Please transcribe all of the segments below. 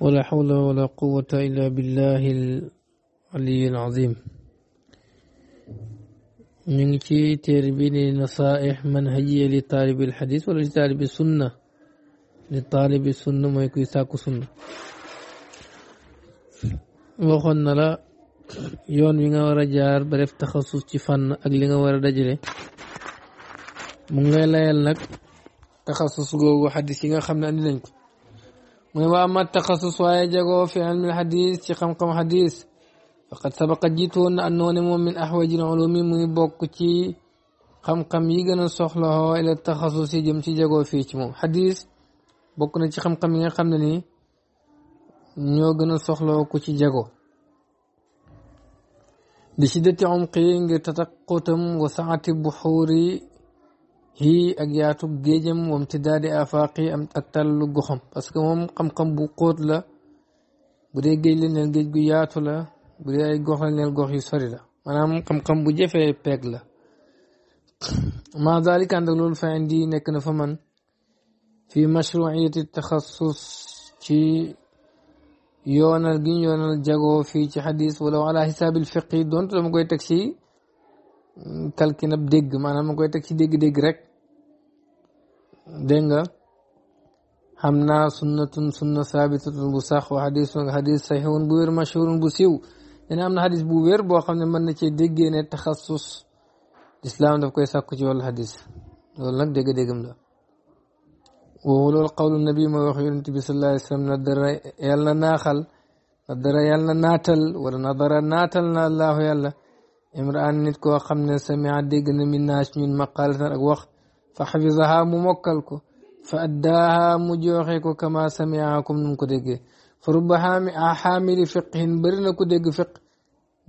ولا حول ولا قوة إلا بالله العلي العظيم من كي تربين نصائح من هي لطالب الحديث ولا لطالب السنة لطالب السنة ما يكون ساق السنة وخلنا لا يون بينا ورا جار برف تخصص تفن أقلنا ورا دجلة من غير لا يلنك تخصص جو حديثنا خمنا أنينك mu ne waa ma taxasus waaye jagoo fi ci xam-xam xadis faqad sabaqa jiitu woon na àndoon mu moom min ahwajil ulumi muy bokk ci xam yi gën a soxlawoo ila taxasus yi jëm ci jagoo fii ci moom xadis bokk na ci xam yi nga xam ne nii ñoo gën a soxlawoo ku ci jago. bi shiddati umqi ngir tataqqutam wa saati buxuuri هي أجياتو بجيجم وامتداد أفاقي أم تتل لغخم بس كمهم قم قم بقود لا بدي جيل نلجيج بياتو لا بدي أي غخ نلجوه يسفر لا منام قم قم بجيف بيج لا مع ذلك عند لول فعندي نكن فمن في مشروعية التخصص في يون الجين يون الجغو في حديث ولو على حساب الفقه دون تمقوي تكسي تلقي نب دغ مانام تكسي دغ دغ رك dégg nga xam naa sunnatun sunna saabitatun bu sax wa xadisun xadis saxiwun bu wér mashhurun bu siiw dina am na bu wér boo xam ne mën na cee déggee ne taxassus lislaam daf koy sàkku ci wàllu xadis loolu nag dégg-déggam la woowu loolu qawlu nabi mooy wax yonent bi sallallahu wa sallam na dara yàlla naaxal na dara yàlla naatal wala na dara allahu yàlla imraan nit koo xam ne samia dégg na min naas ñun maqaalatan ak wax فحفظها ممكلك فأداها مجوخك كما سمعكم من كدك فرب حامل فقه برنا كدك فقه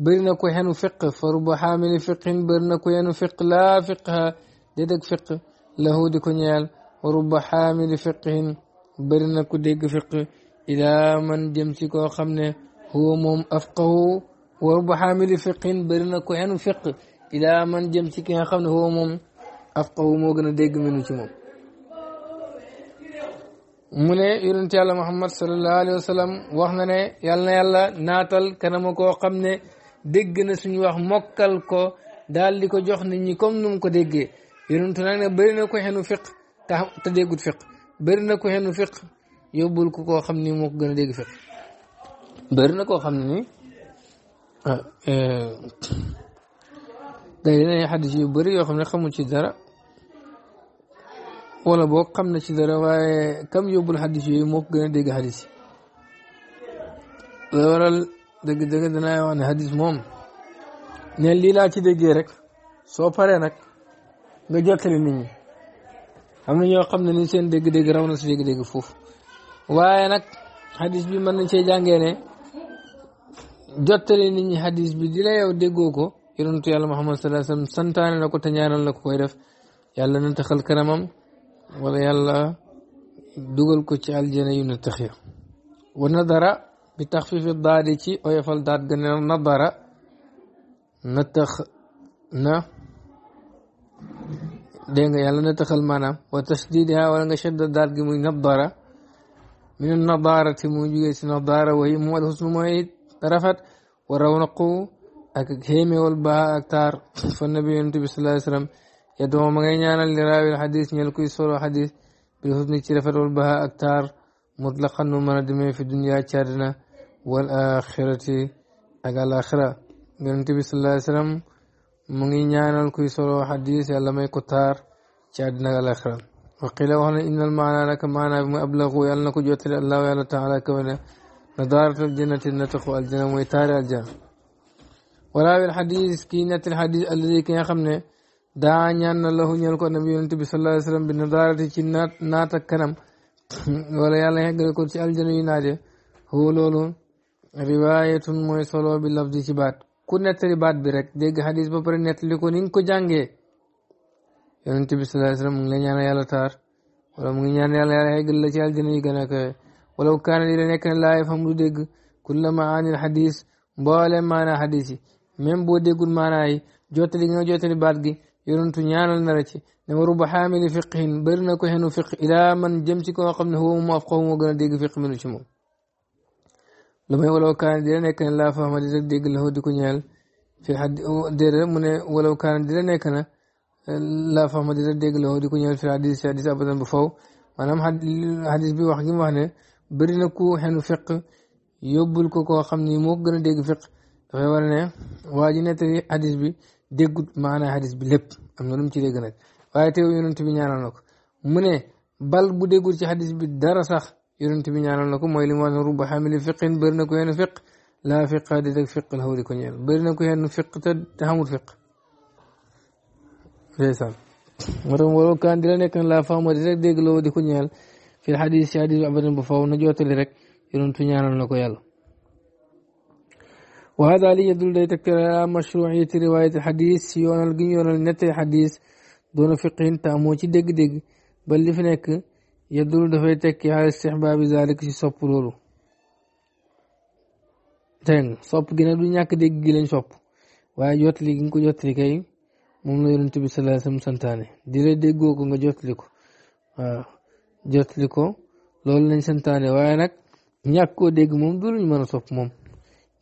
برنا كهن فقه فرب حامل فقه برنا كهن فقه لا فقه ددك فقه له دكنيال ورب حامل فقه برنا كدك فقه إلى من جمسك وخمنا هو مم أفقه ورب حامل فقه برنا كهن فقه إلى من جمسك وخمنا هو مم afqahu moo gën a dégg minu ci moom mu ne yonent yàlla muhammad sallallahu alayhi wax na ne yàlla yàlla naatal kanama koo xam ne dégg na suñu wax mokkal ko daal di ko jox nit ñi comme nu ko déggee yonentu nag ne bëri na ko xenu fiq te te déggut fiq bëri na ko xenu fiq yóbbul ko koo xam ni moo ko gën a dégg fiq bëri na koo xam ne ni ah, eh, day leen ay xadis yu bëri yoo xam ne xamu ci dara wala boo xam na ci dara waaye kam yóbbul xadis yooyu moo ko gën a dégg xadis waral dëgg-dëgg danaa wax ne xadis moom ne lii laa ci déggee rek soo paree nag nga jottali nit ñi am na ñoo xam ne ni seen dégg-dégg raw na si dégg-dégg fuuf waaye nag xadis bi mën na cee jàngee ne jottali nit ñi xadis bi di la yow déggoo ko يرنت يا محمد صلى الله عليه وسلم سنتان لك تنيان لك ويرف يا الله ننتخل كرمم ولا يا الله دوغل كو تشال جنا ينتخي ونظر بتخفيف الضاد تي او يفال ضاد غن نظر نتخ ن دنگ يا الله ننتخل مانا وتشديدها ولا نشد الضاد غي نظر من النظاره موجوده النظاره وهي مو الحسن مو رفت ورونقو ak xéeme wal baax ak taar fa nabi yonent bi sallallahu alayhi wasallam yadoo ma ngay ñaanal li raawil xadis ñeel kuy solo xadis bil husni ci rafet wal baax ak taar mutlaqan nu mën a demee fi dunya ci àddina wal axirati ak alaxira yonent bi sallallahu alayhi wasallam mu ngi ñaanal kuy solo xadis yàlla may ko taar ci àddina ak alaxira waqila wax na innal maanaa naka maanaa bi muy ablagu yàlla na ko jottali allahu yàlla taala kawe na nadaaratul jannati nataqu aljana mooy taari aljana waraawil xadis kii nettal xadis alladi ki nga xam ne daa ñaan na lahu ñeel ko nabi yonente bi sallallahu alayhi wasallam bi nadaarati ci naat naat ak kanam wala yàlla xeggale ko ci aljana yu naaje xoo loolu riwaayatun mooy solo bi lafdi ku nettali baat bi rek dégg ba pare nettali ko ni nga ko jàngee yonente yàlla taar wala mu ñaan yàlla yàlla xeggal la ci gën a kawe wala kaana li la nekk du dégg kullama anil xadis mboole maanaa xadis même boo déggul maanaa yi jottali nga jottali baat gi yonentu ñaanal na la ci ne ma ruba xaamili fiqhin bëri na ko xenu fiq ilaa man jëm ci koo xam ne xoomu a dégg fiq minu ci moom lu may walaw kaana dina nekk na laa fahma di rek dégg di nekk na eh, laa fahma di rek ko ñeel fi xadis fi xadis abadan bu faw maanaam wax gi na ku a fiq dafay war ne waa ji nettali hadis bi déggut maanaa hadis bi lépp am na lu ci dégg nag waaye teew yonent bi ñaanal na ko mu ne bal bu déggul ci hadis bi dara sax yonent bi ñaanal na ko mooy li mu wax ne rubba xamili fiqin bëri na ko yenn fiq laa fiqa di rek fiq la xaw di ko ñeel bëri na ko yenn fiq te te xamul fiq ndeysaan moo tax waroo kaan di la nekk laa faama di rek dégg loo di ko ñeel fi hadis si hadis ba faw na jottali rek yonent ñaanal na ko yàlla وهذا لي يدل لي تكتر على مشروعية رواية الحديث يونال الجنيون نتي حديث دون فقه تامو ci dégg dégg ba li fi nekk yadul dafay tekki ala istihbaabi zalik ci sopp loolu dégg nga sopp gi nag du ñàkk dégg gi lañ sopp waaye jotli gi ko jotli kay moom la yonent santaane di la déggoo ko nga jotli ko lool jotli lañ santaane waaye nag ñàkk koo dégg moom du luñ mën a sopp moom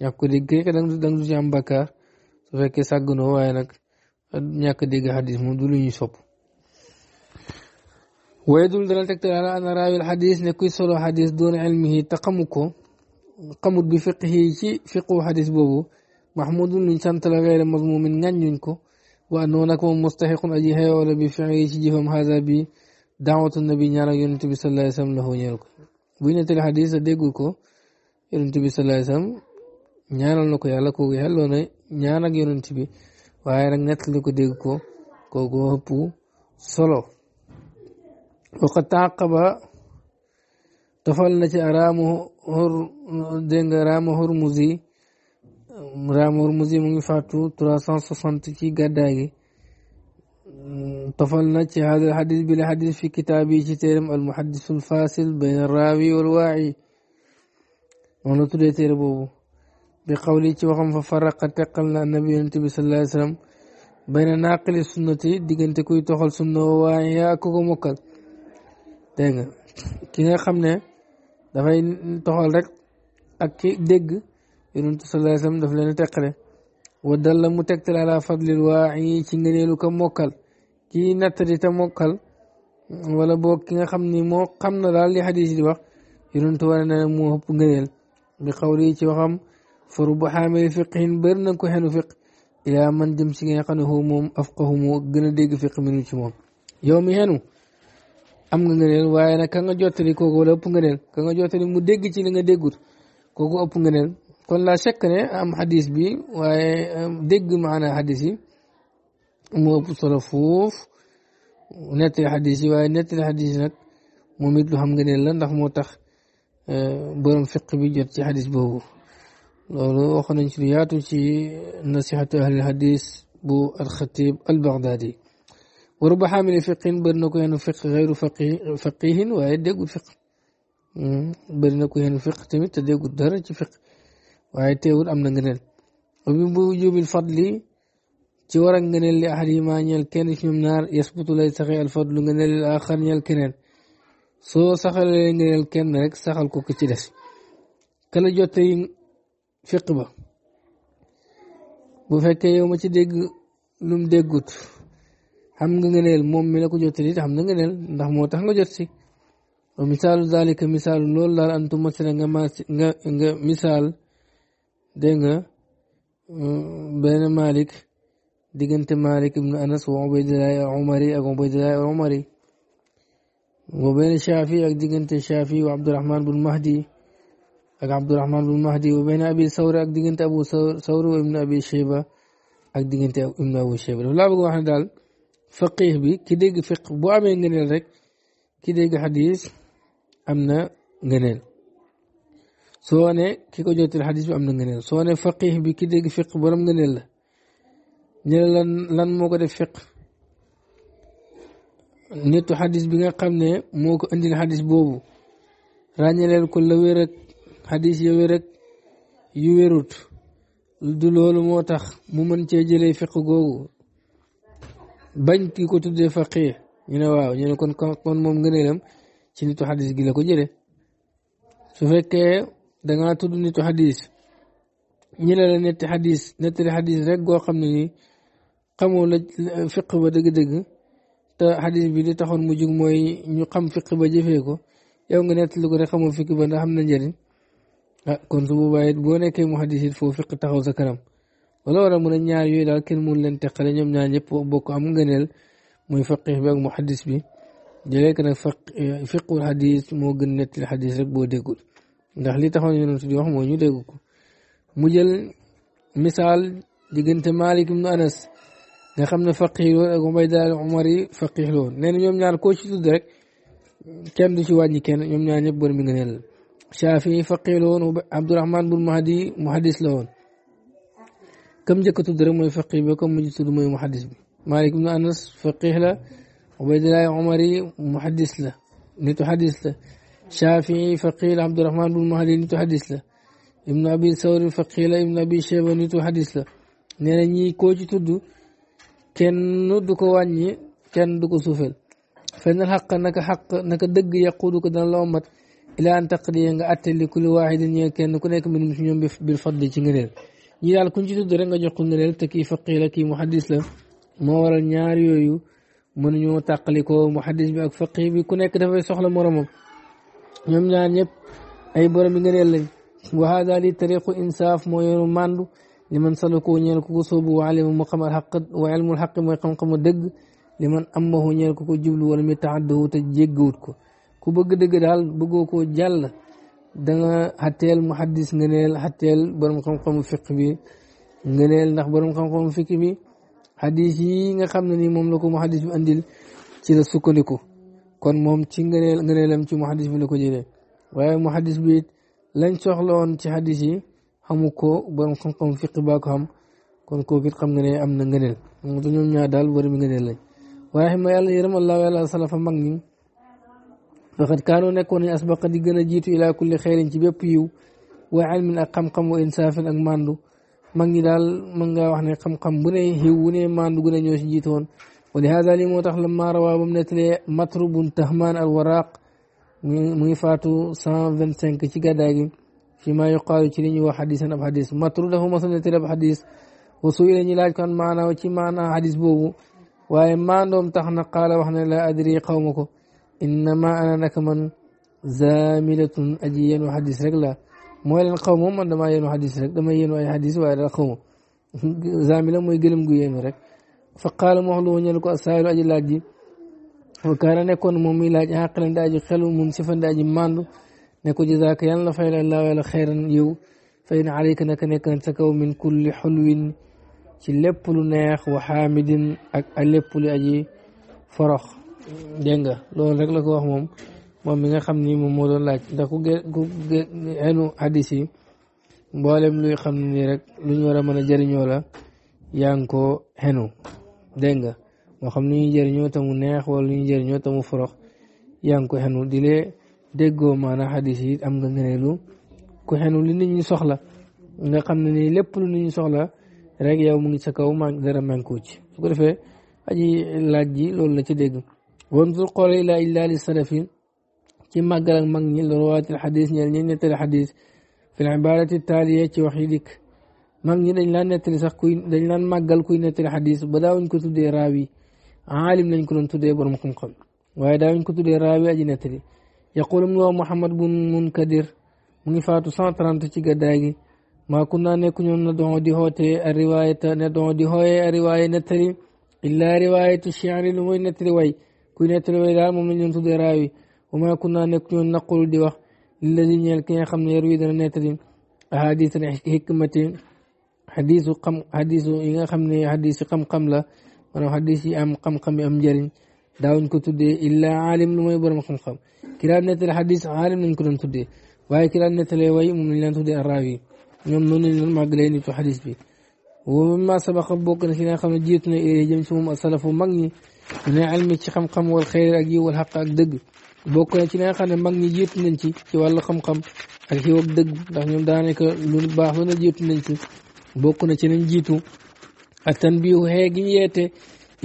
ñàkk ko dégg a danga du danga du ci am bakkaar su fekkee sàgganoo waaye nag ñàkk dégg sopp waaye dul dana tegtal ala ana raawil xadis ne kuy solo xadis doon ilmihi te xamu bi fiqhi ci fiqu xadis boobu mahmudun luñ sant la gayra mazmumin ngàññuñ ko waa noonu nag moom aji xeewoo la bi fiqhi ci jëfam haza bi daawatu nabi ñaan ak yonent bi sallallahu alayhi la ko ñeel ko buy nettali xadis a déggu bi sallallahu alayhi ñaanal na ko yàlla kooku yàlloo na ñaan ak waaye nag nettali ko dégg ko kooku ëpp solo waxa taqaba tofal na ci raama xor dégg nga hormuzi mu ngi trois cent soixante ci gàddaay gi tofal na ci hada xadis bi la xadis fi kitaab ci téeram al muhaddisul fasil bayn raawi wal waayi moom la tuddee téere boobu بقولي تيوخم ففرق تقلنا النبي صلى الله عليه وسلم بين ناقل السنة ديجن تكوي تخل سنة وعيا كوكو موكل دينغ كينا خمنا دفعي تخل رك أكي ديج يرون صلى الله عليه وسلم دفلنا تقل ودل متكتل على فضل الواعي تنجني لك موكل كي نتري تموكل ولا بوك كينا خمني مو خمنا لالي حديث دي وقت يرون تورنا مو هبو بقولي تيوخم furu bu xaamee fiqhin bëri na ko xenu fiq yaa man jëm si nga xam ne xoo moom afqahu moo gën a dégg fiq minu ci moom yow mi xenu am nga ngeneel waaye nag ka nga jottali kooku wala ëpp ngeneel ka nga jottali mu dégg ci li nga déggut kooku ëpp ngeneel kon la sekk ne am xadis bi waaye dégg maanaa xadis yi mu ëpp solo foof nettali di yi waaye nettali xadis yi nag moom it lu nga ngeneel la ndax moo tax eh, borom fiq bi jot ci xadis boobu لولو وخن نشرياتو شي نصيحة أهل الحديث بو الخطيب البغدادي ورب حامل فقه برنكو ينو فقه غير فقه فقيه ويدقو فقه برنكو ينو فقه تميت تدقو الدرج فقه ويتيور أمن نغنل ومن بوجوب الفضل جورا نغنل لأحد ما نيال كان اسم نار يسبط لا يسخي الفضل نغنل الآخر نيال سو سخل نغنل كان رك سخل كو كتلس كلا جوتين fiq ba bu fekkee yow ma ci dégg lum déggut xam nga ngëneel moom mi la ko jottali it xam na ngëneel ndax moo tax nga jot si wa misaalu zalika misaalu loolu daal antu masala nga ma nga nga misaal dégg nga euh, benn Malik diggante Malik ibn Anas wa Ubaydillahi al Umari ak Ubaydillahi al Umari wa benn Shafi ak diggante Shafi wa Abdurahman bun Mahdi عبد الرحمن بن مهدي وبين أبي ثور أكدقنت أبو ثور وابن أبي شيبة أكدقنت ابن أبو شيبة لا بقول واحد دال فقيه بي كده فق بو أمي جنيل رك كده حديث أمنا جنيل سواني كيكو جوت الحديث بي أمنا نغنيل سواني فقيه بي كده فق برم جنيل جنيل لن, لن moo ko def fiq nettu xadis bi nga xam ne moo ko كل ويرك xadis ya wér yu wérut du loolu moo tax mu mën cee jëlee fiq googu bañ ki ko tuddee faqih ñu ne waaw ñu ne kon kon moom ngëneelam ci nitu xadis gi la ko jële su fekkee dangaa tudd nitu xadis ñu ne la netti xadis nettali rek goo xam ne ni xamoo la fiq ba dëgg-dëgg te xadis bi li taxoon mu jug mooy ñu xam fiq ba jëfee ko yow nga nettali ko rek xamoo fiq ba ndax xam na njëriñ ah kon su boobaa it boo nekkee muhaddis it foo fiq taxaw sa kanam wala war a mun a ñaar yooyu daal kenn mun leen teqale ñoom ñaar ñëpp bokk am ngëneel muy faqih bi ak muhaddis bi jëlee ko nag fiqul eh, xadis moo gën nettali xadis boo déggul ndax li taxoon yonent di wax moo ñu dégg ko mu jël misaal diggante Malik ibnu Anas nga xam ne faqih loon ak Ubayda al Umari faqih loon nee na ñoom ñaar koo ci tudd rek kenn du ci wàññi kenn ñoom ñaar ñëpp borom mi nga la شافعي faqih la woon Abdourahman bun Mahdi muhaddis la woon kam njëkk a tudd rek mooy faqih bi kam mujj tudd mooy muhaddis bi Malik ibn Anas faqih la Ubaydullah Umari muhaddis la nitu xaddis la Shafii faqih la Abdourahman bun Mahdi nitu xaddis la Ibn Abi Sawri faqih la Ibn Abi Shayba nitu xaddis la nee na ñii koo ci tudd kenn du ko wàññi kenn du ko suufeel fa innal xaq naka xaq naka dëgg yaquudu ko dana la mat ila an taqdiya nga atte li kulli waahidin ñee kenn ku nekk minum si ñoom bil fadli ci ngëneel ñi daal kuñ ci tudd rek nga jox ko ngëneel te kii faqih la kii muhaddis la moo waral ñaar yooyu mënuñoo tàqali ko muhaddis bi ak faqih bi ku nekk dafay soxla moromam ñoom ñaar ñëpp ay borom yi ngëneel lañ wa hada li tariqu insaaf moo yoonu màndu li man salakoo ñeel ko ko sóobu wa alima mu xam alxaq wa ilmul xaq mooy xam-xamu dëgg li man amahu ñeel ko ko jublu wala mi taxaddahu te jéggawut ko ku bëgg dëgg daal bëggoo koo jàll da nga xatteel mu xaddis nga neel xatteel borom xam-xamu fiq bi nga neel ndax borom xam-xamu fiq bi xaddis yi nga xam ne ni moom la ko mu xaddis bi andil ci la kon moom ci nga neel nga neelam ci mu xaddis bi la ko jëlee waaye mu xaddis bi it lañ soxla woon ci xaddis yi xamu ko borom xam-xamu fiq baa ko xam kon kooku it xam nga ne am na ngëneel moom ñoom ñaar daal borom ngëneel lañ waaye xam nga yàlla yërëm Allah yàlla salafa mag ñi فقد كانوا نكون أسبق دقنا جيت إلى كل خير تبيب يو وعلم أقم قم وإنساف أقماندو من يدال من قاو حنا قم قم بني هيوني ما نقول نيوش جيتون ولهذا لم تخلم ما روا بمنتلي مطرب تهمان الوراق ميفاتو 125 كي قداغي فيما يقال تشيني وحديثا بحديث مطرب له مثلا تلا بحديث وصول ني لاج كان معنا وشي معنى حديث بوبو واي ما ندوم تخنا قال وحنا لا ادري قومكم innama ana naka man zamilatun aji yéenu xadis rek la mooy leen xaw ma man damaa yéenu xadis rek dama yéenu ay xadis waaye daal xaw ma zamila mooy gëlëm gu yéenu rek fa qaala mu wax lu ñeel ko asaayilu aji laaj ji wa kaana nekkoon moom muy laaj xaqilan daa ji xelu mun sifan daa ji mandu ne ko jazaaka yàlla na fay la laa yàlla xeyran yow fay na alayka naka nekk na sa kaw min kulli xulwin ci lépp lu neex wa xaamidin ak lépp lu aji forox dégg nga loolu rek la ko wax moom moom mi nga xam ni moom moo doon laaj ndax ku ge ku enu hadis luy xam ne nii rek lu ñu war a mën a jariñoo la yaa ngi dégg nga moo xam lu ñuy jëriñoo te mu neex wala lu ñuy jëriñoo te mu forox yaa ko xenu di lee déggoo maanaam hadis yi am nga ngëneelu ku xenu li nit ñi soxla nga xam ne nii lépp lu nit ñi soxla rek yow mu ngi sa kaw maa dara manqué ci su ko defee aji laaj loolu la ci dégg. وانظر قول إلا إلا للسلف كما قال من رواة الحديث نيال يعني الحديث في العبارة التالية وحيدك من يل إلا نتل سخوين دلنا ما قال كوين نتل الحديث بداون كتب دي راوي عالم لن كنون تدي برمكم قل ويداون كتب دي راوي أجي نتل يقول من محمد بن منكدر من فاتو سانتران تشيك دايجي ما كنا نكون ندعو دي هوتي الرواية ندعو دي هوي الرواية نتل إلا رواية الشعر الموين نتل ويه kuy nettali way daal moom lañ leen tuddee raawi wa maa kunnaa nekk ñoon naqulu di wax lilladi ñeel ki nga xam ne yarwi dana nettali ahadis al hikmati hadisu xam hadisu yi nga xam ne hadisu xam-xam la maanaam hadis yi am xam-xam yi am njëriñ daawuñ ko tuddee illa aalim lu mooy borom xam-xam ki daan nettali hadis aalim lañ ko doon tuddee waaye ki daan nettalee way moom lañ leen tuddee araawi ñoom noonu lañ doon màggalee nitu hadis bi wa mimma sabaqa bokk na si nga xam ne jiitu na jëm si moom asalafu mag ñi ne almi ci xam-xam wal xëyr ak yiw wal ak dëgg bokk na ci li nga xam ne mag ñi jiitu nañ ci ci wàllu xam-xam ak yiw ak dëgg ndax ñoom ko lu baax lu ne jiitu nañ ci bokk na ci nañ jiitu ak tan bi tanbihu xee gi ñu yeete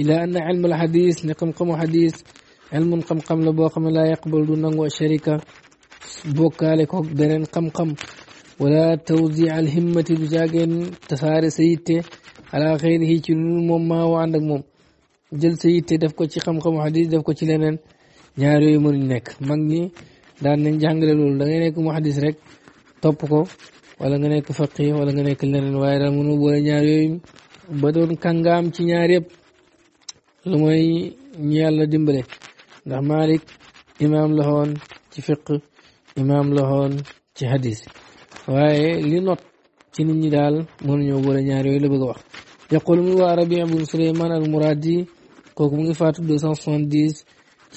ila anna ilmul xadis ne xam-xamu xadis ilmun xam-xam la boo xam ne laa yaqbal du nangu sharika bokkaale ko beneen xam-xam wala tawsi al himmati du caageen tasaare sa yitte ala xëyrihi ci lu moom maa ànd ak moom jël sa yitte def ko ci xam-xamu xadis def ko ci leneen ñaar yooyu ñu nekk mag ñi daan nañ jàngale loolu da nekk mu xadis rek topp ko wala nga nekk faqi wala nga nekk leneen waaye daal mënu boole ñaar yooyu ba doon kàngaam ci ñaar yëpp lu mooy ñu yàlla dimbale ndax Malik imaam la woon ci fiq imaam la woon ci xadis waaye li not ci nit ñi daal nu boole ñaar yooyu la bëgg a wax يقول مو عربي ابو سليمان المرادي كوكو مي فاتو 270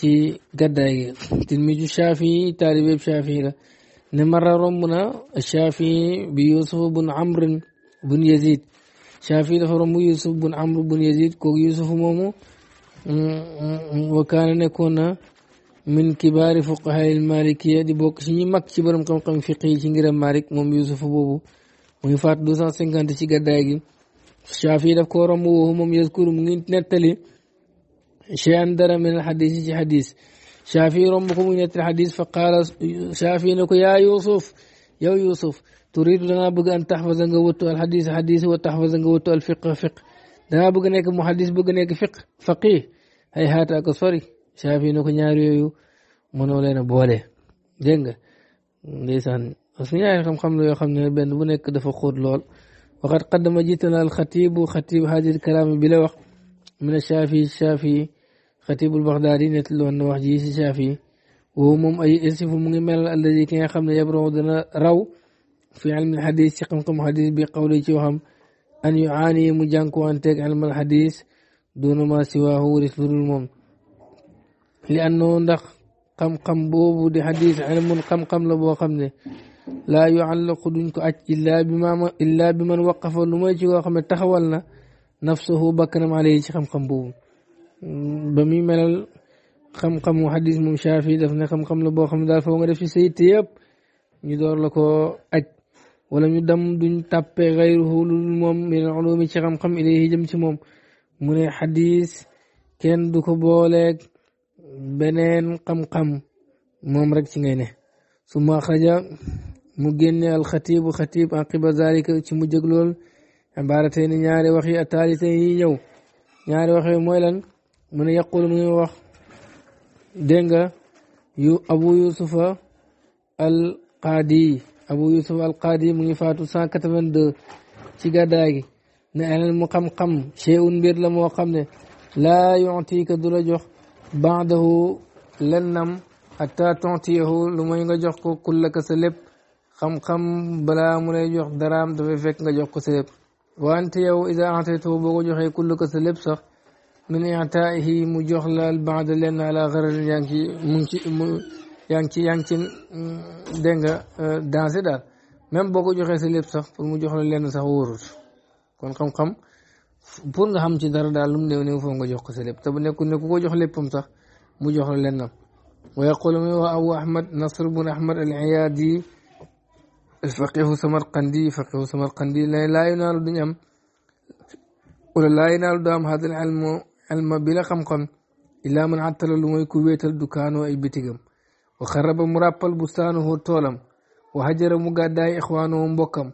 تي غداي تلميذ الشافعي تاري بيب شافعي نمر رمنا الشافعي بيوسف بن عمرو بن يزيد شافعي فرم يوسف بن عمرو بن يزيد كو يوسف مومو وكان نكون من كبار فقهاء المالكية دي بوك شيني مك شبرم قم قم فقهي شنجر مالك موم يوسف بوبو ويفات 250 تي غداي Shaafi daf ko romb woowu moom yaskuru mu ngi nettali cheyan dara min alxadis ci xadis Shaafi romb ko mu nettali xadis fa qaala Shaafi ne ko yaa Yuusuf yow Yuusuf turiidu dangaa bëgg an taxfasa nga wëttu alxadis xadis wa taxfasa nga wëttu alfiq fiq dangaa bëgg nekk mu xadis bëgg nekk fiq faqih ay xaata ko sori Shaafi ne ko ñaar yooyu mënoo leen a boole dégg nga ndeysaan parce que ñaari xam-xam la yoo xam ne benn bu nekk dafa xóot lool وقد قدم جيتنا الخطيب خطيب هذه الكلام بلا وقت من الشافي الشافي خطيب البغدادي نتلو أنه وحجي الشافي وهم أي يصف من الذي كان خمنا يبرو دنا رو في علم الحديث يقمكم حديث بقوله جوهم أن يعاني مجانكو أن تك علم الحديث دون ما سواه رسول المم لأنه ندخ قم قم بوبو دي حديث علم قم قم لبو قمني لا يعلق دنك أج إلا بما ما إلا بمن وقف لمجي وخم تخولنا نفسه بكنم عليه خم خم بو بمي ملل خم خم حديث مشافي دفن خم خم لبو خم دار فوق في سيد تياب يدور لكو أج ولم يدم دن تابع غيره للمم من العلوم خم خم إليه جمشمم من حديث كان دكو بولك بنين قم قم مم رك سينه ثم أخرج mu génne alxatibu xatib aqiba zalika ci mu jëg lool ibaratay ni ñaari wax yi ataalisé yi ñëw ñaari wax yi mooy lan mu ne yaqul mu ngi wax dégg nga yu abu yusufa al qaadi abu yusufa al qaadi mu ngi faatu cent quatre-vingt-deux ci gàddaay gi ne aneen mu xam-xam cheun mbir la moo xam ne laa yutika du la jox baadahu lennam hatta tontiyahu lu mooy nga jox ko kullaka sa lépp xam-xam balaa mu lay jox daraam dafay fekk nga jox ko sa lépp wante yow ida ataytuhu boo ko joxee kullu ko sa lépp sax min itaihi mu jox la albaada lenn ala xararin yaa ngi ci mu ngi ci mu yaa ngi ci yaa ngi ci dégg nga dansé daal même boo ko joxee sa lépp sax pour mu jox la lenn sax wóorut kon xam-xam pour nga xam ci dara daal lu mu néew néew foo nga jox ko sa lépp te bu nekkul ne ku ko jox léppam sax mu jox la lennam wa yaqulu wa abu ahmad nasr bun ahmad al iyaadi الفقيه سمرقندي فقيه سمرقندي لا ينال دنيام ولا لا ينال دام هذا العلم علم بلا قمقم إلا من عطل لمي كويت الدكان وأي بتجم وخرب مرابل بستانه طولم وهجر مقاداي إخوانه مبكم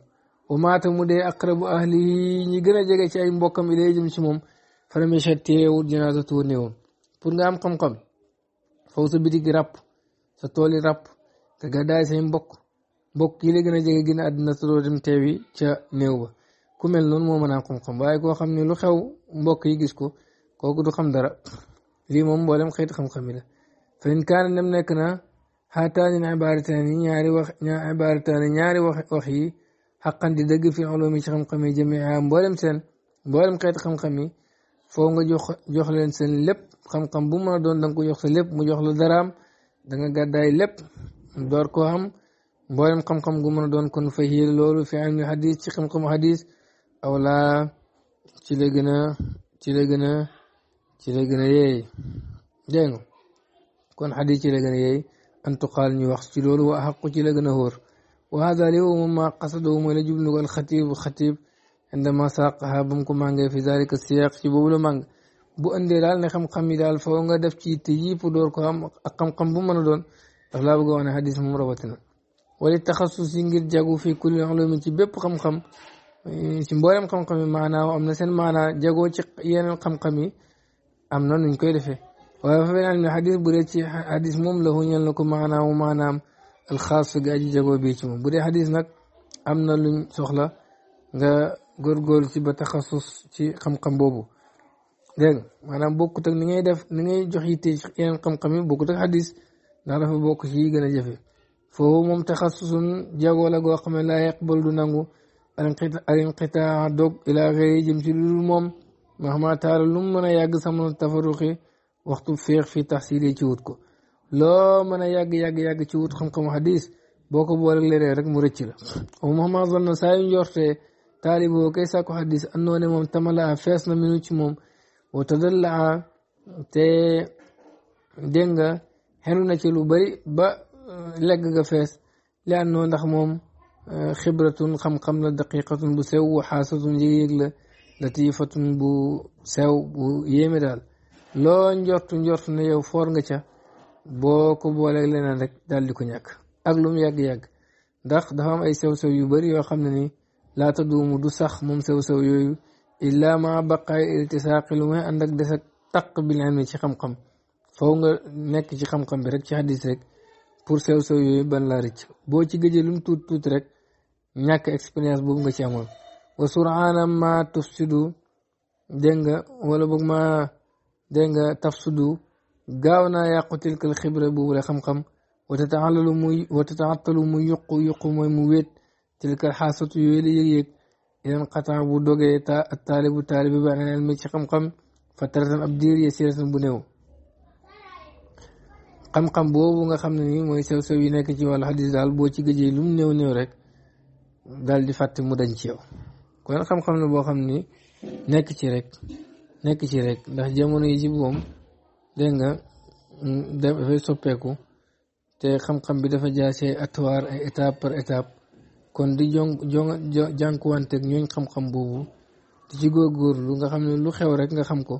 ومات مدي أقرب أهله نيجنا جيجا شاي مبكم إليه جمش فلم يشهد تيو جنازة تورنيوم بنا أم قم قم فوز راب ستولي راب تقاداي سيمبكم bokk yi la gën a jege gën a àddina sa dootum teewi ca néew ba ku mel noonu moo mën a xam-xam waaye koo xam ni lu xew mbokk yi gis ko kooku du xam dara lii moom mboolem xeet xam-xam yi la fa nekk na xaataani ibaarataani ñaari wax ñaari wax yi xaqan di dëgg fi ci xam yi jëmee mboolem seen mboolem xeet xam-xam yi foo nga jox jox leen seen lépp xam-xam bu mën doon danga nga ko jox lépp mu jox la daraam da nga gàddaay lépp door koo xam بولم قم قم قمر دون كن فهي لولو في علم الحديث تي قم حديث أو لا تلقنا تلقنا تلقنا يي دينو كن حديث تلقنا يي أن تقال ني وقت وأحق تلقنا هور وهذا اليوم ما قصده مولج بن الخطيب الخطيب عندما ساقها بمكم مانجا في ذلك السياق تبولو مانجا bu ëndee daal ne xam xam yi daal foo nga def ci te yii pour door ko xam ak wala taxasus yi ngir jagu fii kulli ulumi ci bépp xam-xam eh, ci mboolem xam-xam yi maanaam am na seen maanaa jagoo ci yeneen xam-xam yi am na nuñ koy defee waaye fa fenaan ne xadis bu dee ci xadis moom la huñal na ko maanaamu maanaam alxaas ga aji jagoo bii ci moom bu dee xadis nag am na luñ soxla nga góorgóorlu ci ba taxasus ci xam-xam boobu dégg maanaam bokkut ak ni ngay def ni ngay jox yitte ci yeneen xam-xam yi bokkut bokk ci yi gën a jafe فهو متخصص جاولا قوقم لا يقبل دونه الانقطاع دوك الى غير جمسل المم مهما تار لمنا ياغ سمن التفرق وقت فيخ في تحصيل تشوتكو لو من ياغ ياغ ياغ تشوت خمكم حديث بوك بول لري رك مرتشلا ومهما ظن ساي نورتي طالب وكيسا كو حديث انو ني مم تملا فاسنا منو تش وتدلع تي دينغا هنو نتشلو بري با لقق فيس لأنه نخمم آه، خبرة خم قملة دقيقة بسو وحاسة جيد لطيفة بسو ويمدال لا نجرت نجرت نيو فورنجا بوكو بولك لنا دال لكنياك أغلوم ياك ياك داخ دهام أي سو سو يبري وخمني لا تدوم دوسخ مم سو سو يو إلا ما بقى التساق لما عندك دسك تقبل عمي شخم قم فهو نك شخم قم برك شهدي سك pour sew sew yooyu ban laa boo ci gëjee lu mu tout tuuti rek ñàkk expérience boobu nga ci amoon wa suraana ma tufsidu dégg nga wala boog ma dégg nga tafsudu gaaw naa yàqu tilkal xibra boobu la xam-xam wa mu yuqu yuqu mu wéet tilkal xaasatu yooyu la yëg-yëg yeneen bu dogee ta taalibu taalibi ba aneen mi ci xam-xam fa taratan ab diir ya siratan bu néew xam-xam boobu nga xam ne mooy sew sew yi nekk ci wàllu xadis daal boo ci gëjee lu mu néew néew rek daal di fàtte mu dañ ci yow kon xam-xam la boo xam ni nekk ci rek nekk ci rek ndax jamono yi ci boom dégg nga dafay soppeeku te xam-xam bi dafa jaar jaase atuwaar ay étape par étape kon di jong jong jànkuwanteeg ñooñ xam-xam boobu di ci góorgóorlu nga xam ne lu xew rek nga xam ko.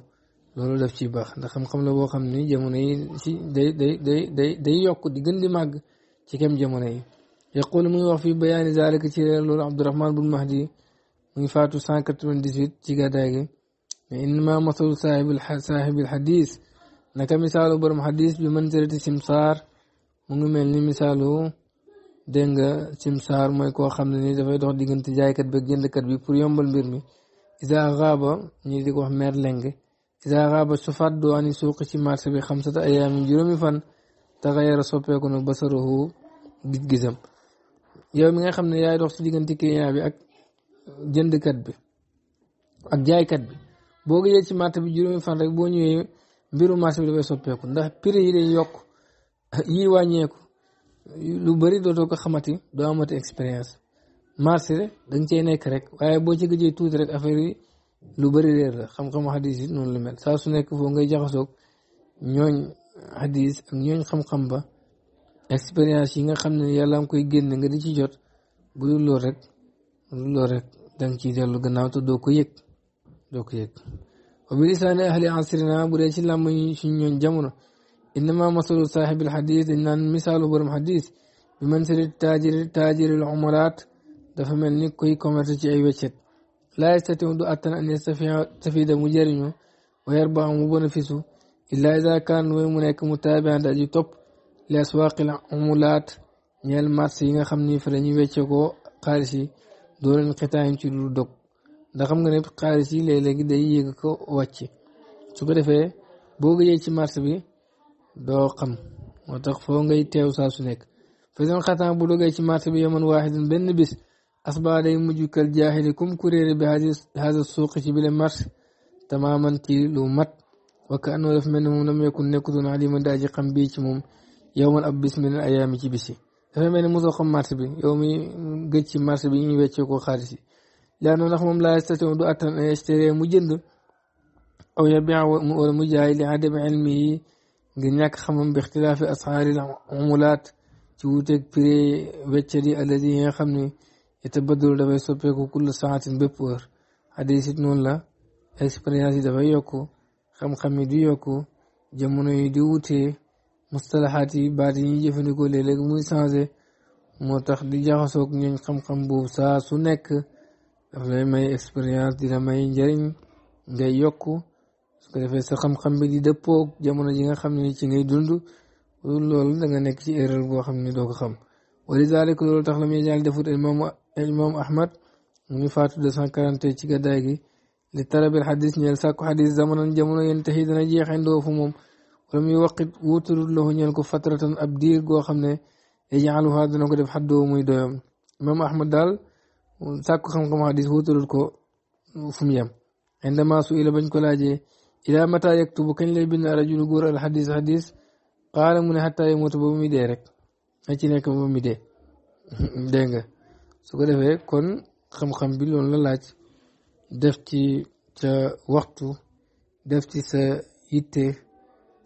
loolu daf ci baax ndax xam-xam la boo xam ni jamono yi ci day day day day day yokk di màgg ci kem jamono yi yaqul mu ngi wax fii bayaani zaalika ci leer loolu Abdurahman bun Mahdi mu ngi faatu 198 ci gàddaay gi mais innama masalu saahibil saahibil xadis naka misaalu borom xadis bi man sarati simsaar mu ngi mel ni misaalu dégg nga simsaar mooy koo xam ne ni dafay dox diggante jaaykat bi ak jëndkat bi pour yombal mbir mi isa xaaba ñi di ko wax mer leng idaa xaaba su fàddu ani suuqi ci marché bi xamsata ayaami juróomi fan taxayara soppeeku na basaruhu gis-gisam yow mi nga xam ne yaay dox ci diggante client bi ak jëndkat bi ak jaaykat bi boo gisee ci marché bi juróomi fan rek boo ñëwee mbiru marché bi dafay soppeeku ndax prix yi day yokk yi wàññeeku lu bëri dootoo ko xamati doo amati expérience marché danga cay nekk rek waaye boo ci gëjee tuuti rek yi lu bëri réer la xam-xamu xadis yi noonu la mel saa su nekk foo ngay jaxasoog ñooñ xadis ak ñooñ xam-xam ba expérience yi nga xam ne yàlla nga koy génn nga di ci jot bu dul lool rek bu dul lool rek danga gannaaw te doo ko yëg doo ko yëg wa bi lisaani ahli asrina bu dee ci làmm yi suñ ñooñ jamono masalu saaxibil xadis dañ naan misaalu borom xadis bi man sari taajiri taajiri al umaraat dafa mel ni koy commerce ci ay weccet laa yastatiw du attan an yastafida mu jëriñoo wa yarbaha mu bénéfice illaa iza kaan way mu nekk mu taabian daji topp li aswaaqil laat ñeel marché yi nga xam ni fa dañuy weccee ko xaalis yi doo leen xitaayin ci du dog ndax xam nga ne xaalis yi léeg-léegi day yéeg ko wàcc su ko defee boo gëjee ci marché bi doo xam moo tax foo ngay teew saa su nekk fa xataan bu dogee ci marché bi yaman waaxidin benn bis أصبح لي مجو كالجاهل كم كرير بهذا السوق بلا مرس تماما تي لومت وكأنه لف منهم لم يكن نكد عليما داجي قم بيش موم يوما أبس من الأيام تي بسي dafa mel ni mosoo xam marché bi yow mi gëj ci marché bi ñu weccee ko xaalis yi laano ndax moom laa station du attan astere mu jënd aw ya bien wala mu jaay li adami ilmi yi ngir ñàkk xamam bi ixtilaafi asxaari umulaat ci wuuteeg prix weccat yi aladi yi nga xam ne te bëddul dafay soppeeku kull saatin bépp wër noonu la expérience yi dafay yokk xam-xam yi di yokk jamono yi di wutee mustalaxaat yi baat yi ñuy jëfandikoo léeg-léeg muy changé moo tax di jaxasoog ñooñ xam-xam boobu saa su nekk daf lay may expérience dina may njëriñ ngay yokk su ko defee sa xam-xam bi di dëppoog jamono ji nga xam ne ci ngay dund loolu da nga nekk ci erreur boo xam ne doo ko xam wala zaalika loolu tax la muy jàll defut imaamu imam ahmad mu ngi faatu 240 ci gàddaay gi li talabil xadis ñeel sàkku xadis zamanan jamono yéen taxi dana jeexandoo fu moom wala muy waqit wuutarul loxu ñeel ko fatratan ab diir goo xam ne yajaaluha dana ko def xaddoo muy doyam imam ahmad daal sàkku xam-xam xadis wuutarul ko fu mu yem indama su ila bañ ko laajee ila mata yaktubu kañ lay bind rajulu góor al xadis xadis qaala mu ne xataa yamuta ba muy dee rek na ci nekk ba muy dee dégg nga su ko defee kon xam-xam bi loolu la laaj def ci ca waxtu def ci sa yitte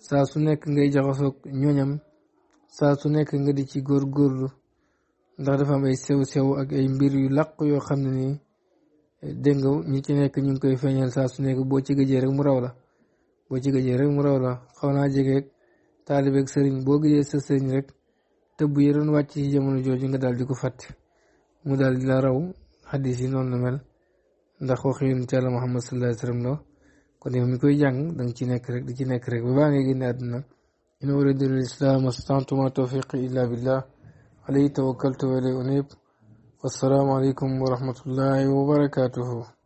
saa su nekk ngay jaxasoog ñooñam saa su nekk nga di ci góorgóorlu ndax dafa am ay sew-sew ak ay mbir yu làq yoo xam ne nii dégg nga ñi ci nekk ñu ngi koy feeñal saa su nekk boo ci gëjee rek mu raw la boo ci gëjee rek mu raw la xaw naa jegeeg taalibeeg sëriñ boo gëjee sa sëriñ rek tëbb yi doon wàcc ci jamono jooju nga daal di ko fàtte mu daal di la raw xaddis yi noonu la mel ndax waxi yonent Yàlla Muhammad sallallahu alayhi wa sallam la kon yow mi koy jàng da ci nekk rek di ci nekk rek ba baa ngay génne àdduna in uridu lil islam astantu ma tawfiqi illa billah alayhi tawakkaltu wa ilayhi alaykum wa wa barakatuhu